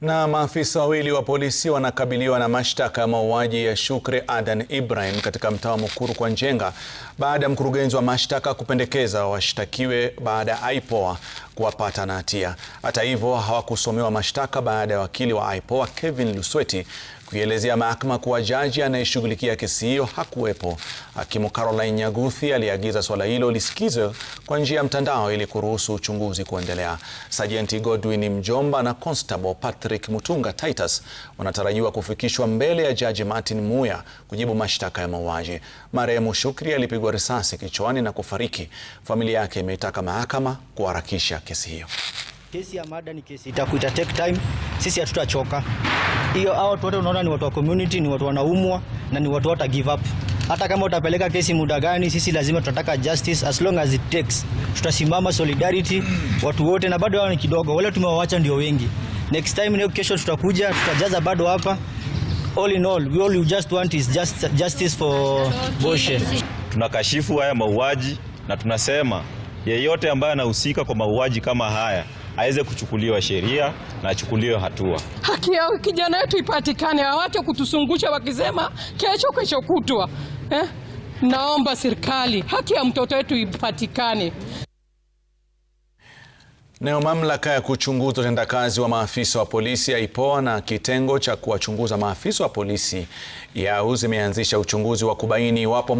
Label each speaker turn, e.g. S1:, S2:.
S1: Na maafisa wawili wa polisi wanakabiliwa na mashtaka ya mauaji ya Shukri Adan Ibrahim katika mtaa wa Mukuru kwa Njenga baada ya mkurugenzi wa mashtaka kupendekeza washtakiwe baada ya IPOA kuwapata na hatia. Hata hivyo, hawakusomewa mashtaka baada ya wakili wa IPOA Kevin Lusweti kuielezea mahakama kuwa jaji anayeshughulikia kesi hiyo hakuwepo. Hakimu Caroline Nyaguthi aliagiza suala hilo lisikizwe kwa njia ya mtandao ili kuruhusu uchunguzi kuendelea. Sajenti Godwin Mjomba na Constable Patrick Mutunga Titus wanatarajiwa kufikishwa mbele ya jaji Martin Muya kujibu mashtaka ya mauaji. Marehemu Shukri alipigwa risasi kichwani na kufariki. Familia yake imeitaka mahakama kuharakisha kesi hiyo.
S2: Kesi ya mada ni kesi itakuita take time, sisi hatutachoka. Hiyo hao watu wote unaona ni watu wa community, ni watu wanaumwa na ni watu wata give up. Hata kama utapeleka kesi muda gani, sisi lazima tutataka justice as long as it takes. Tutasimama solidarity watu wote, na bado hao ni kidogo, wale tumewaacha ndio wengi. Next time leo, kesho tutakuja, tutajaza bado hapa. All in all, we all you just want is just justice for Boshe.
S3: Tunakashifu haya mauaji na tunasema yeyote ambaye anahusika kwa mauaji kama haya aweze kuchukuliwa sheria na achukuliwe hatua.
S4: Haki ya kijana wetu ipatikane, hawache kutusungusha wakisema kesho kesho kutwa eh? Naomba serikali haki ya mtoto wetu ipatikane.
S1: Nayo mamlaka ya kuchunguza utendakazi wa maafisa wa polisi ya IPOA na kitengo cha kuwachunguza maafisa wa polisi yau zimeanzisha uchunguzi wa kubaini iwapo